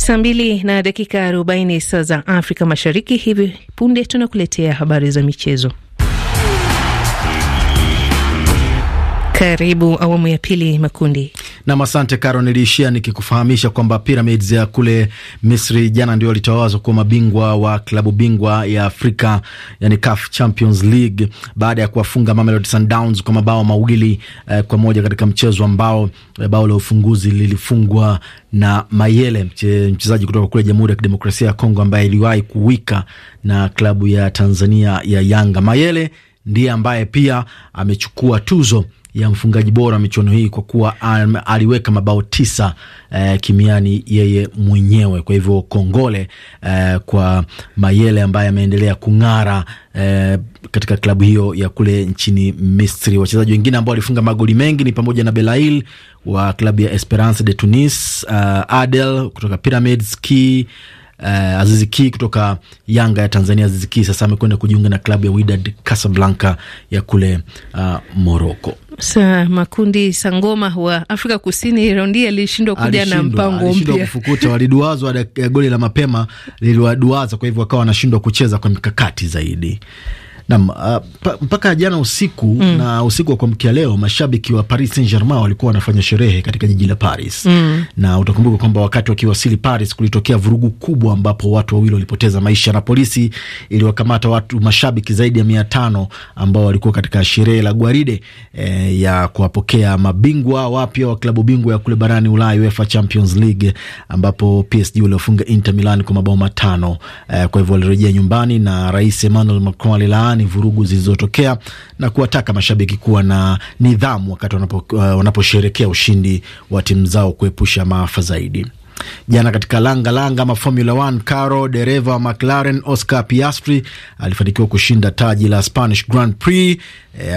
Saa mbili na dakika arobaini saa za Afrika Mashariki. Hivi punde tunakuletea habari za michezo. Karibu awamu ya pili makundi nam. Asante Karo, niliishia nikikufahamisha kwamba Pyramids ya kule Misri jana ndio walitawazwa kuwa mabingwa wa klabu bingwa ya Afrika, yani CAF Champions League baada ya kuwafunga Mamelodi Sundowns kwa mabao mawili eh, kwa moja katika mchezo ambao eh, bao la ufunguzi lilifungwa na Mayele, mchezaji kutoka kule Jamhuri ya Kidemokrasia ya Kongo ambaye iliwahi kuwika na klabu ya Tanzania ya Yanga. Mayele ndiye ambaye pia amechukua tuzo ya mfungaji bora wa michuano hii kwa kuwa aliweka mabao tisa eh, kimiani yeye mwenyewe. Kwa hivyo kongole eh, kwa Mayele ambaye ameendelea kung'ara eh, katika klabu hiyo ya kule nchini Misri. Wachezaji wengine ambao walifunga magoli mengi ni pamoja na Belail wa klabu ya Esperance de Tunis, uh, Adel kutoka Pyramids Ki Uh, Azizi Ki kutoka Yanga ya Tanzania. Azizi Ki sasa amekwenda kujiunga na klabu ya Wydad Casablanca ya kule uh, Morocco. Sa makundi sangoma wa Afrika Kusini raundi alishindwa kuja na mpango mpya, kufukuta waliduazwa, eh, goli la mapema liliwaduaza, kwa hivyo wakawa wanashindwa kucheza kwa mikakati zaidi. Naam, uh, mpaka uh, jana usiku mm. na usiku wa kuamkia leo mashabiki wa Paris Saint-Germain walikuwa wanafanya sherehe katika jiji la Paris mm. na utakumbuka kwamba wakati wakiwasili Paris kulitokea vurugu kubwa ambapo watu wawili walipoteza maisha na polisi iliwakamata watu mashabiki zaidi ya mia tano ambao walikuwa katika sherehe la gwaride eh, ya kuwapokea mabingwa wapya wa klabu bingwa ya kule barani Ulaya UEFA Champions League ambapo PSG waliofunga Inter Milan kwa mabao matano eh, kwa hivyo walirejea nyumbani na Rais Emmanuel Macron alilaani kulaani vurugu zilizotokea na kuwataka mashabiki kuwa na nidhamu wakati uh, wanaposherekea uh, ushindi wa timu zao kuepusha maafa zaidi. Jana katika langa langa maformula Formula 1 Caro dereva wa McLaren Oscar Piastri alifanikiwa kushinda taji la Spanish Grand Prix eh,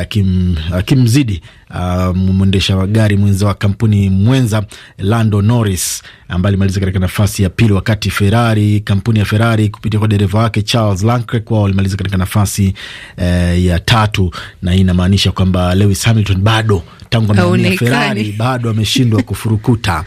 akimzidi uh, mwendesha wa gari mwenza wa kampuni mwenza Lando Norris ambaye alimaliza katika nafasi ya pili, wakati Ferrari, kampuni ya Ferrari kupitia kwa dereva wake Charles Leclerc wao walimaliza katika nafasi uh, ya tatu, na hii inamaanisha kwamba Lewis Hamilton bado tangu Ferrari bado ameshindwa kufurukuta.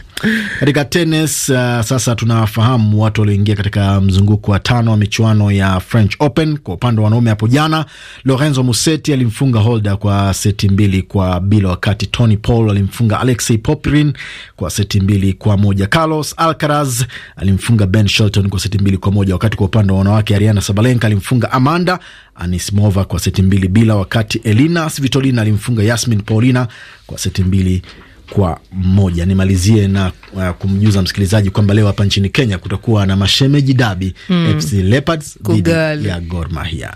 Katika tenis uh, sasa tunafahamu watu walioingia katika mzunguko wa tano wa michuano ya French Open kwa upande wa wanaume hapo jana, Lorenzo Musetti alimfunga Holder kwa seti mbili kwa bila, wakati Tony Paul alimfunga Alexey Poprin kwa seti mbili kwa moja. Carlos Alcaraz alimfunga Ben Shelton kwa seti mbili kwa moja, wakati kwa upande wa wanawake Ariana Sabalenka alimfunga Amanda Anisimova kwa seti mbili bila, wakati Elina Svitolina alimfunga Yasmin Paulina kwa seti mbili kwa moja. Nimalizie na uh, kumjuza msikilizaji kwamba leo hapa nchini Kenya kutakuwa na mashemeji dabi mm. FC Leopards dhidi ya Gor Mahia.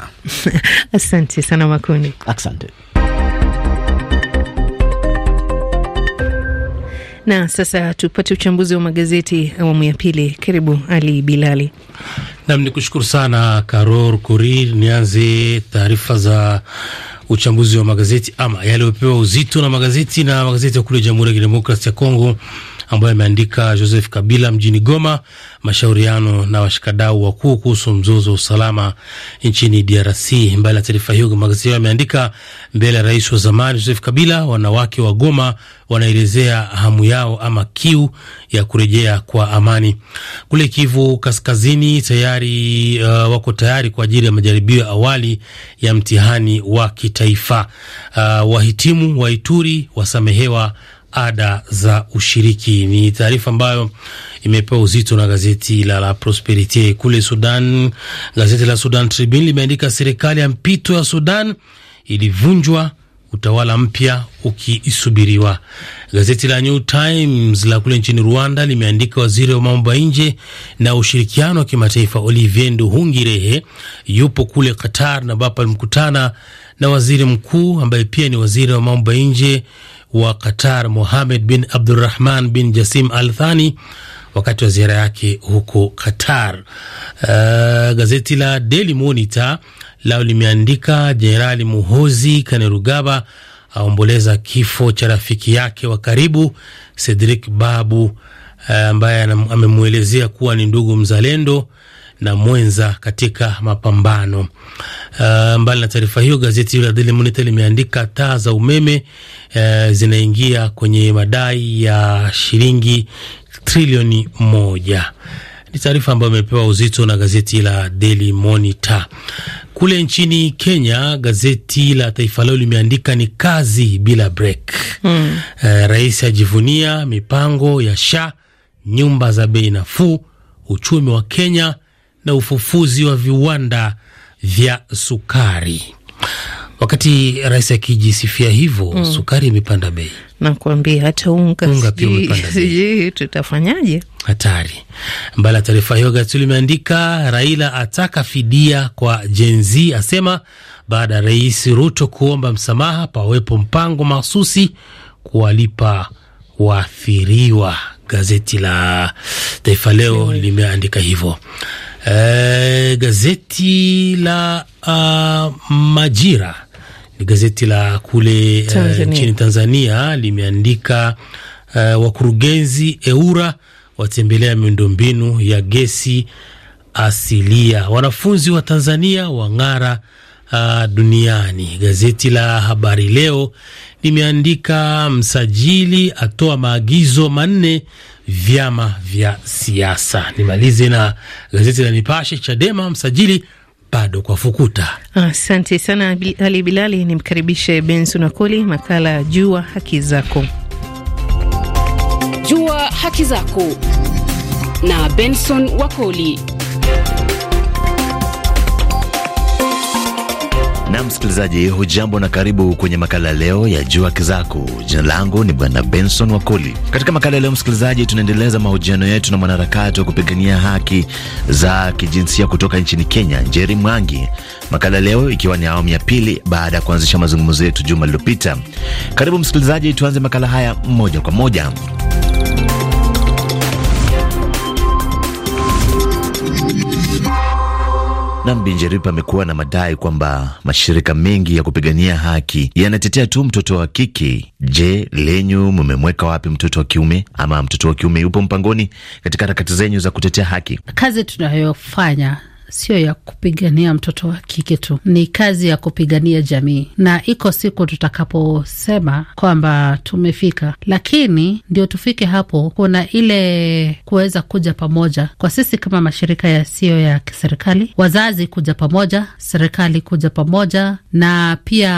Asante sana Makundi, asante. Na sasa tupate uchambuzi wa magazeti awamu ya pili. Karibu Ali Bilali. Nam ni kushukuru sana Karor kuri Nianze taarifa za uchambuzi wa magazeti ama yaliyopewa uzito na magazeti na magazeti ya kule Jamhuri ya Kidemokrasi ya Kongo ambayo ameandika Joseph Kabila mjini Goma mashauriano na washikadau wakuu kuhusu mzozo wa usalama nchini DRC. Mbali na taarifa hiyo, magazeti hayo yameandika mbele ya rais wa zamani Joseph Kabila, wanawake wa Goma wanaelezea hamu yao ama kiu ya kurejea kwa amani. Kule Kivu Kaskazini tayari uh, wako tayari kwa ajili ya majaribio ya awali ya mtihani wa kitaifa. Uh, wahitimu wa Ituri wasamehewa ada za ushiriki. Ni taarifa ambayo imepewa uzito na gazeti la La Prosperite kule Sudan. Gazeti la Sudan Tribune limeandika serikali ya mpito ya Sudan ilivunjwa, utawala mpya ukisubiriwa. Gazeti la New Times la kule nchini Rwanda limeandika waziri wa mambo ya nje na ushirikiano wa kimataifa Olivier Nduhungirehe yupo kule Qatar, na ambapo alimkutana na waziri mkuu ambaye pia ni waziri wa mambo ya nje wa Qatar Mohamed bin Abdurrahman bin Jasim Al Thani wakati wa ziara yake huko Qatar. Uh, gazeti la Daily Monitor lao limeandika Jenerali Muhozi kanerugaba aomboleza kifo cha rafiki yake wa karibu Cedric Babu uh, ambaye uh, amemwelezea kuwa ni ndugu mzalendo na mwenza katika mapambano. Uh, mbali na taarifa hiyo, gazeti hilo la Daily Monitor limeandika taa za umeme uh, zinaingia kwenye madai ya shilingi trilioni moja. Ni taarifa ambayo imepewa uzito na gazeti la Daily Monitor. Kule nchini Kenya, gazeti la Taifa Leo limeandika ni kazi bila break. Mm. Uh, rais ajivunia mipango ya sha nyumba za bei nafuu, uchumi wa Kenya na ufufuzi wa viwanda vya sukari. Wakati rais akijisifia hivyo mm, sukari imepanda bei, nakuambia hata unga, unga pia umepanda bei. Tutafanyaje? Hatari. Mbali ya taarifa hiyo, gazeti limeandika Raila ataka fidia kwa Gen Z, asema baada ya rais Ruto kuomba msamaha pawepo mpango mahususi kuwalipa waathiriwa. Gazeti la Taifa Leo limeandika hivyo. E, gazeti la uh, Majira ni gazeti la kule eh, Tanzania. Uh, nchini Tanzania limeandika uh, wakurugenzi eura watembelea miundombinu ya gesi asilia, wanafunzi wa Tanzania wang'ara uh, duniani. Gazeti la Habari Leo limeandika msajili atoa maagizo manne vyama vya siasa. Nimalize na gazeti la Nipashe, Chadema msajili bado kwa fukuta. Asante ah, sana Ali Bilali. Nimkaribishe Benson Wakoli, makala Jua Haki Zako. Jua Haki Zako na Benson Wakoli. na msikilizaji, hujambo na karibu kwenye makala leo ya Jua Haki Zako. Jina langu ni Bwana Benson Wakoli. Katika makala leo, msikilizaji, tunaendeleza mahojiano yetu na mwanaharakati wa kupigania haki za kijinsia kutoka nchini Kenya, Njeri Mwangi. Makala leo ikiwa ni awamu ya pili baada ya kuanzisha mazungumzo yetu juma lililopita. Karibu msikilizaji, tuanze makala haya moja kwa moja. Nam Binjerip amekuwa na madai kwamba mashirika mengi ya kupigania haki yanatetea tu mtoto wa kike. Je, lenyu mmemweka wapi mtoto wa kiume, ama mtoto wa kiume yupo mpangoni katika harakati zenyu za kutetea haki? Kazi tunayofanya sio ya kupigania mtoto wa kike tu, ni kazi ya kupigania jamii, na iko siku tutakaposema kwamba tumefika, lakini ndio tufike hapo, kuna ile kuweza kuja pamoja kwa sisi kama mashirika yasiyo ya, ya kiserikali, wazazi kuja pamoja, serikali kuja pamoja, na pia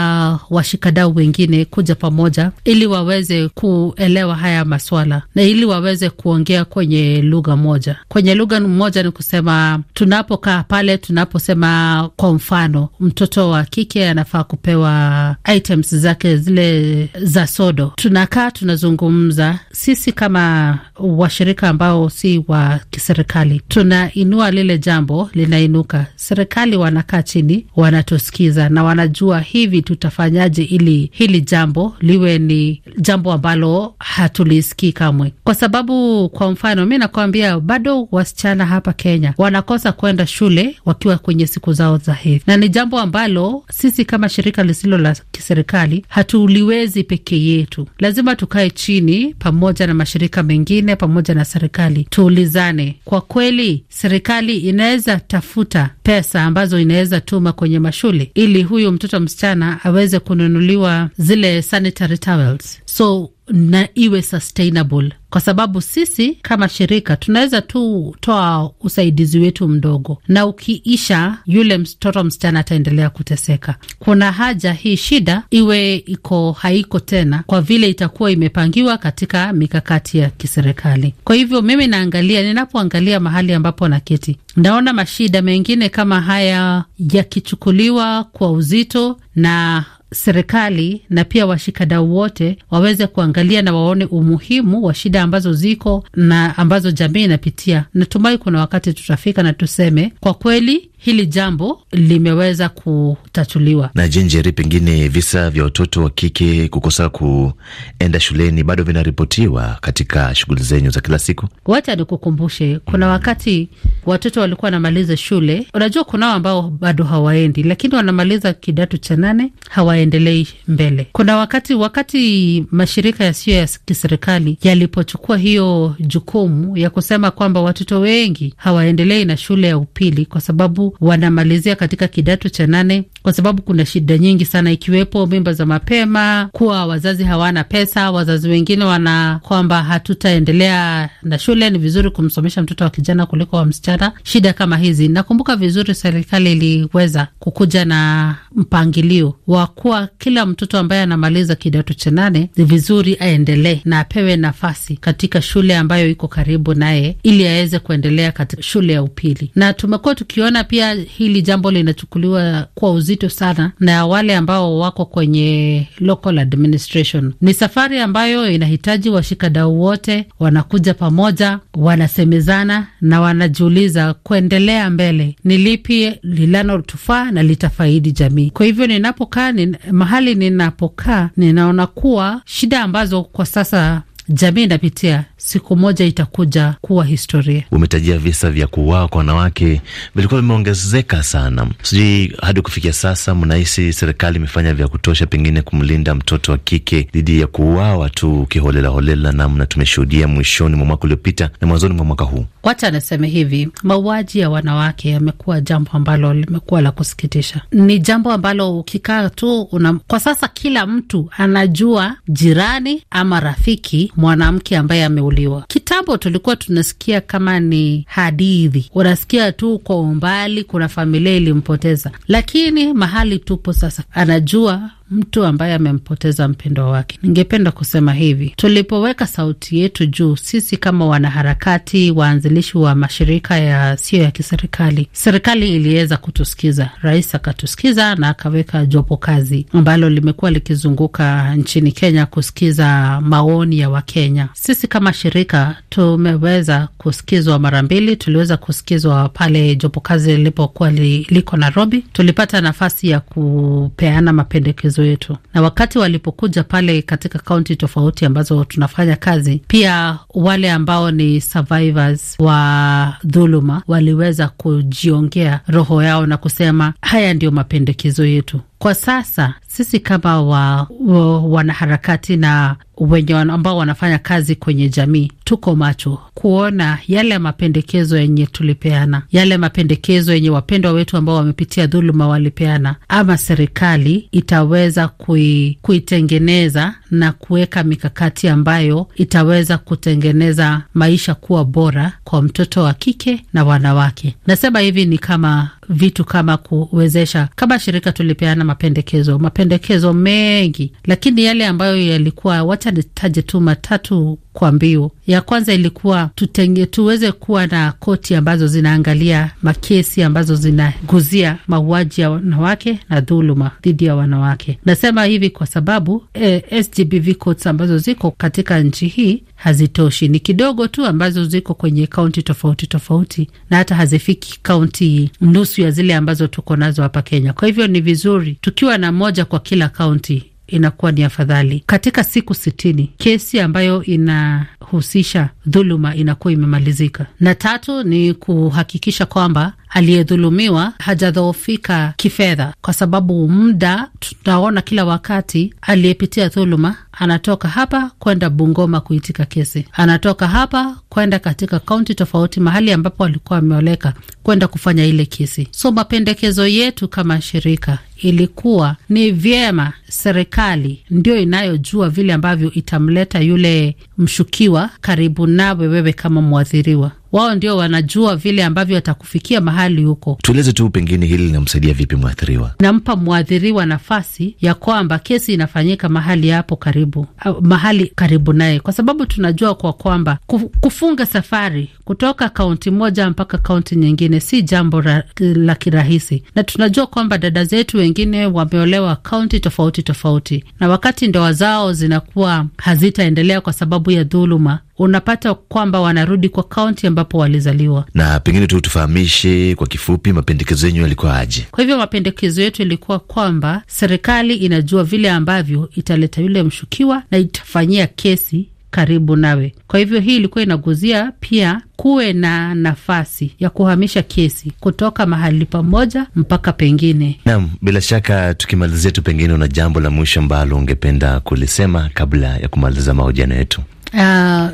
washikadau wengine kuja pamoja, ili waweze kuelewa haya maswala na ili waweze kuongea kwenye lugha moja. Kwenye lugha moja ni kusema tunapokaa pale tunaposema kwa mfano mtoto wa kike anafaa kupewa items zake zile za sodo, tunakaa tunazungumza sisi kama washirika ambao si wa kiserikali, tunainua lile jambo linainuka. Serikali wanakaa chini, wanatusikiza na wanajua hivi tutafanyaje ili hili jambo liwe ni jambo ambalo hatulisikii kamwe, kwa sababu kwa mfano mi nakwambia, bado wasichana hapa Kenya wanakosa kwenda shule shule wakiwa kwenye siku zao za hedhi, na ni jambo ambalo sisi kama shirika lisilo la kiserikali hatuliwezi peke yetu. Lazima tukae chini pamoja na mashirika mengine pamoja na serikali, tuulizane kwa kweli, serikali inaweza tafuta pesa ambazo inaweza tuma kwenye mashule ili huyu mtoto msichana aweze kununuliwa zile sanitary towels so na iwe sustainable, kwa sababu sisi kama shirika tunaweza tu toa usaidizi wetu mdogo, na ukiisha yule mtoto msichana ataendelea kuteseka. Kuna haja hii shida iwe iko haiko tena, kwa vile itakuwa imepangiwa katika mikakati ya kiserikali. Kwa hivyo mimi naangalia, ninapoangalia mahali ambapo naketi, naona mashida mengine kama haya yakichukuliwa kwa uzito na serikali na pia washikadau wote waweze kuangalia na waone umuhimu wa shida ambazo ziko na ambazo jamii inapitia. Natumai kuna wakati tutafika na tuseme kwa kweli hili jambo limeweza kutatuliwa. Na Jinjeri, pengine visa vya watoto wa kike kukosa kuenda shuleni bado vinaripotiwa katika shughuli zenyu za kila siku? Wacha nikukumbushe, kuna mm. wakati watoto walikuwa wanamaliza shule. Unajua, kunao ambao bado hawaendi, lakini wanamaliza kidato cha nane, hawaendelei mbele. Kuna wakati wakati mashirika yasiyo ya kiserikali yalipochukua hiyo jukumu ya kusema kwamba watoto wengi hawaendelei na shule ya upili kwa sababu wanamalizia katika kidato cha nane, kwa sababu kuna shida nyingi sana, ikiwepo mimba za mapema, kuwa wazazi hawana pesa. Wazazi wengine wana kwamba hatutaendelea na shule, ni vizuri kumsomesha mtoto wa kijana kuliko wa msichana. Shida kama hizi, nakumbuka vizuri, serikali iliweza kukuja na mpangilio wa kuwa kila mtoto ambaye anamaliza kidato cha nane ni vizuri aendelee na apewe nafasi katika shule ambayo iko karibu naye, ili aweze kuendelea katika shule ya upili, na tumekuwa tukiona pia pia hili jambo linachukuliwa kwa uzito sana na wale ambao wako kwenye local administration. Ni safari ambayo inahitaji washikadau wote wanakuja pamoja, wanasemezana na wanajiuliza kuendelea mbele ni lipi linalotufaa na litafaidi jamii. Kwa hivyo ninapokaa ni, mahali ninapokaa ninaona kuwa shida ambazo kwa sasa jamii inapitia siku moja itakuja kuwa historia. Umetajia visa vya kuuawa kwa wanawake vilikuwa vimeongezeka sana, sijui hadi kufikia sasa mnahisi serikali imefanya vya kutosha pengine kumlinda mtoto wa kike dhidi ya kuuawa tu kiholelaholela, namna tumeshuhudia mwishoni mwa mwaka uliopita na mwanzoni mwa mwaka huu? Wacha anasema hivi, mauaji ya wanawake yamekuwa jambo ambalo limekuwa la kusikitisha. Ni jambo ambalo ukikaa tu una, kwa sasa kila mtu anajua jirani ama rafiki mwanamke ambaye ame kuchukuliwa. Kitambo tulikuwa tunasikia kama ni hadithi, unasikia tu kwa umbali, kuna familia ilimpoteza, lakini mahali tupo sasa, anajua mtu ambaye amempoteza mpendwa wake. Ningependa kusema hivi, tulipoweka sauti yetu juu, sisi kama wanaharakati, waanzilishi wa mashirika yasiyo ya kiserikali, serikali iliweza kutusikiza. Rais akatusikiza na akaweka jopo kazi ambalo limekuwa likizunguka nchini Kenya kusikiza maoni ya Wakenya. Sisi kama shirika tumeweza kusikizwa mara mbili. Tuliweza kusikizwa pale jopo kazi lilipokuwa liko Nairobi, tulipata nafasi ya kupeana mapendekezo matatizo wetu, na wakati walipokuja pale katika kaunti tofauti ambazo tunafanya kazi, pia wale ambao ni survivors wa dhuluma waliweza kujiongea roho yao na kusema haya ndiyo mapendekezo yetu. Kwa sasa sisi kama wa, wa, wanaharakati na wenye ambao wanafanya kazi kwenye jamii tuko macho kuona yale mapendekezo yenye tulipeana, yale mapendekezo yenye wapendwa wetu ambao wamepitia dhuluma walipeana, ama serikali itaweza kui, kuitengeneza na kuweka mikakati ambayo itaweza kutengeneza maisha kuwa bora kwa mtoto wa kike na wanawake. Nasema hivi ni kama vitu kama kuwezesha, kama shirika tulipeana mapendekezo, mapendekezo mengi, lakini yale ambayo yalikuwa, wacha nitaje tu matatu kwa mbio. Ya kwanza ilikuwa tutenge, tuweze kuwa na koti ambazo zinaangalia makesi ambazo zinaguzia mauaji ya wanawake na dhuluma dhidi ya wanawake. Nasema hivi kwa sababu eh, SGBV courts ambazo ziko katika nchi hii hazitoshi, ni kidogo tu ambazo ziko kwenye kaunti tofauti tofauti, na hata hazifiki kaunti nusu ya zile ambazo tuko nazo hapa Kenya. Kwa hivyo ni vizuri tukiwa na moja kwa kila kaunti inakuwa ni afadhali. Katika siku sitini kesi ambayo inahusisha dhuluma inakuwa imemalizika. Na tatu ni kuhakikisha kwamba aliyedhulumiwa hajadhoofika kifedha, kwa sababu muda tunaona kila wakati aliyepitia dhuluma anatoka hapa kwenda Bungoma kuitika kesi, anatoka hapa kwenda katika kaunti tofauti, mahali ambapo alikuwa ameoleka kwenda kufanya ile kesi. So mapendekezo yetu kama shirika ilikuwa ni vyema serikali ndio inayojua vile ambavyo itamleta yule mshukiwa karibu nawe wewe kama mwathiriwa wao ndio wanajua vile ambavyo watakufikia mahali huko. Tueleze tu pengine hili linamsaidia vipi mwathiriwa? Nampa mwathiriwa nafasi ya kwamba kesi inafanyika mahali hapo karibu, mahali karibu naye, kwa sababu tunajua kwa kwamba kufunga safari kutoka kaunti moja mpaka kaunti nyingine si jambo ra, la kirahisi, na tunajua kwamba dada zetu wengine wameolewa kaunti tofauti tofauti, na wakati ndoa zao zinakuwa hazitaendelea kwa sababu ya dhuluma unapata kwamba wanarudi kwa kaunti ambapo walizaliwa. Na pengine tu tufahamishe kwa kifupi, mapendekezo yenyu yalikuwa aje? Kwa hivyo mapendekezo yetu yalikuwa kwamba serikali inajua vile ambavyo italeta yule mshukiwa na itafanyia kesi karibu nawe. Kwa hivyo hii ilikuwa inaguzia pia kuwe na nafasi ya kuhamisha kesi kutoka mahali pamoja mpaka pengine. Naam, bila shaka tukimalizia tu, pengine una jambo la mwisho ambalo ungependa kulisema kabla ya kumaliza mahojiano yetu? Uh,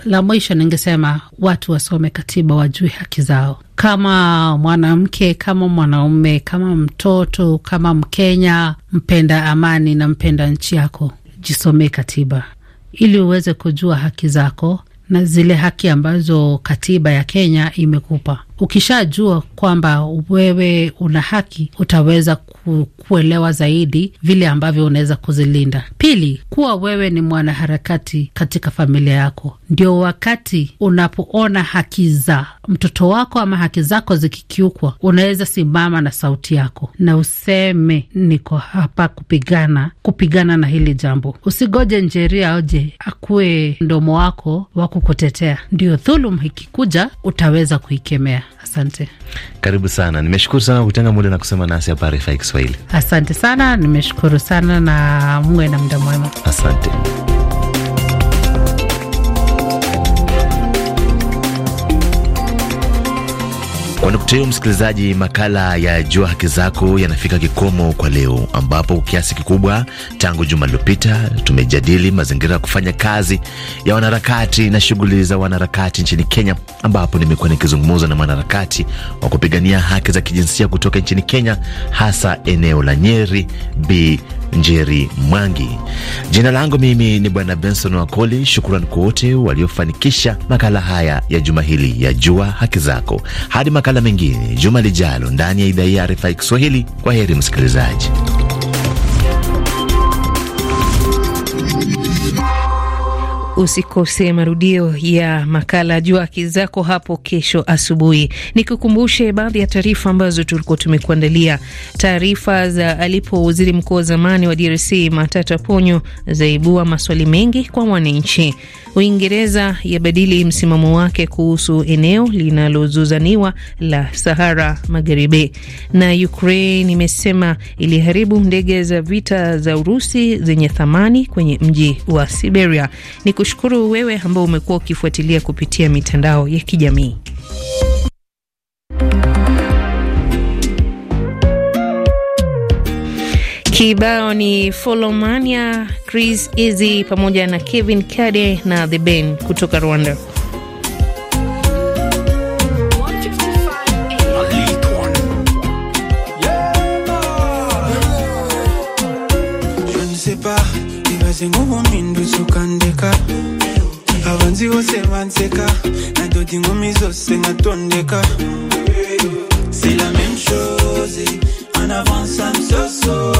la mwisho ningesema watu wasome katiba, wajue haki zao kama mwanamke, kama mwanaume, kama mtoto, kama Mkenya mpenda amani na mpenda nchi yako, jisomee katiba ili uweze kujua haki zako na zile haki ambazo katiba ya Kenya imekupa ukishajua kwamba wewe una haki, utaweza kuelewa zaidi vile ambavyo unaweza kuzilinda. Pili, kuwa wewe ni mwanaharakati katika familia yako, ndio wakati unapoona haki za mtoto wako ama haki zako zikikiukwa, unaweza simama na sauti yako na useme, niko hapa kupigana kupigana na hili jambo. Usigoje njeria oje akuwe mdomo wako wa kukutetea. Ndio dhulum ikikuja utaweza kuikemea. Asante, karibu sana. Nimeshukuru sana kutenga muda na kusema nasi hapa RFI Kiswahili. Asante sana, nimeshukuru sana na Mungu ana muda mwema. Asante. Kwa nukta hiyo, msikilizaji, makala ya Jua Haki Zako yanafika kikomo kwa leo, ambapo kiasi kikubwa tangu juma lililopita tumejadili mazingira ya kufanya kazi ya wanaharakati na shughuli za wanaharakati nchini Kenya, ambapo nimekuwa nikizungumza na mwanaharakati wa kupigania haki za kijinsia kutoka nchini Kenya, hasa eneo la Nyeri, Bi Njeri Mwangi. Jina langu mimi ni Bwana Benson Wakoli. Shukrani kwa wote waliofanikisha makala haya ya juma hili ya Jua Haki Zako. Hadi makala mengine juma lijalo ndani ya idhaa ya RFI Kiswahili. Kwa heri msikilizaji. Usikose marudio ya makala Jua Haki Zako hapo kesho asubuhi. Nikukumbushe baadhi ya taarifa ambazo tulikuwa tumekuandalia: taarifa za alipo waziri mkuu wa zamani wa DRC Matata Ponyo zaibua maswali mengi kwa wananchi. Uingereza yabadili msimamo wake kuhusu eneo linalozuzaniwa la Sahara Magharibi, na Ukraine imesema iliharibu ndege za vita za Urusi zenye thamani kwenye mji wa Siberia. Ni kushukuru wewe ambao umekuwa ukifuatilia kupitia mitandao ya kijamii. Kibao ni Folomania, Chris Easy pamoja na Kevin Kade na The Ben kutoka Rwanda. ibaze nk'ubumpindutse ukandeka abanzi bose banseka nadoda inkumi zose nkatondeka C'est la même chose, en avant ça me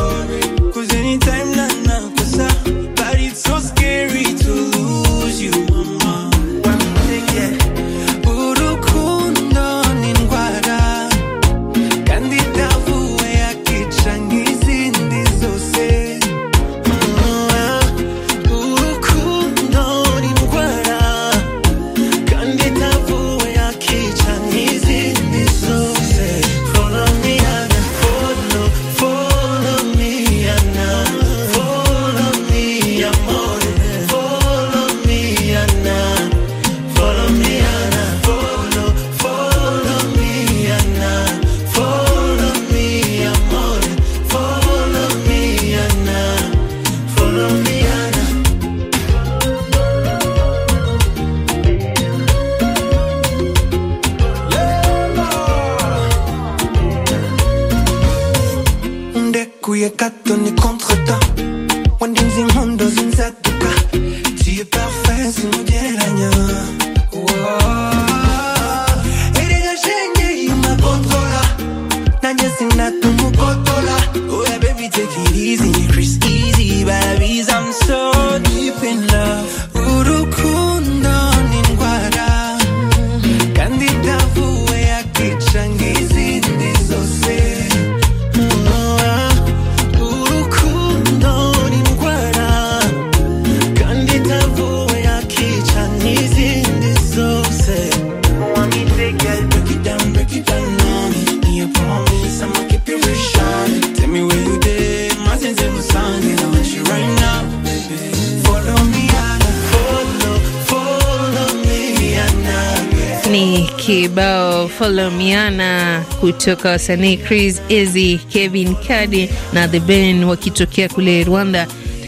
ni kibao folomiana kutoka wasanii Chris Ezi, Kevin Kadi na The Ben wakitokea kule Rwanda.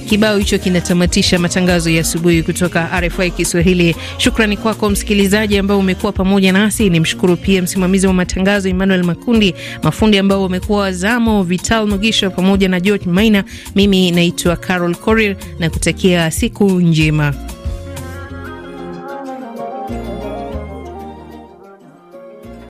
Kibao hicho kinatamatisha matangazo ya asubuhi kutoka RFI Kiswahili. Shukrani kwako msikilizaji ambao umekuwa pamoja nasi. Ni mshukuru pia msimamizi wa matangazo Emmanuel Makundi, mafundi ambao wamekuwa wazamo Vital Mugisho pamoja na George Maina. Mimi naitwa Carol Corir na kutakia siku njema.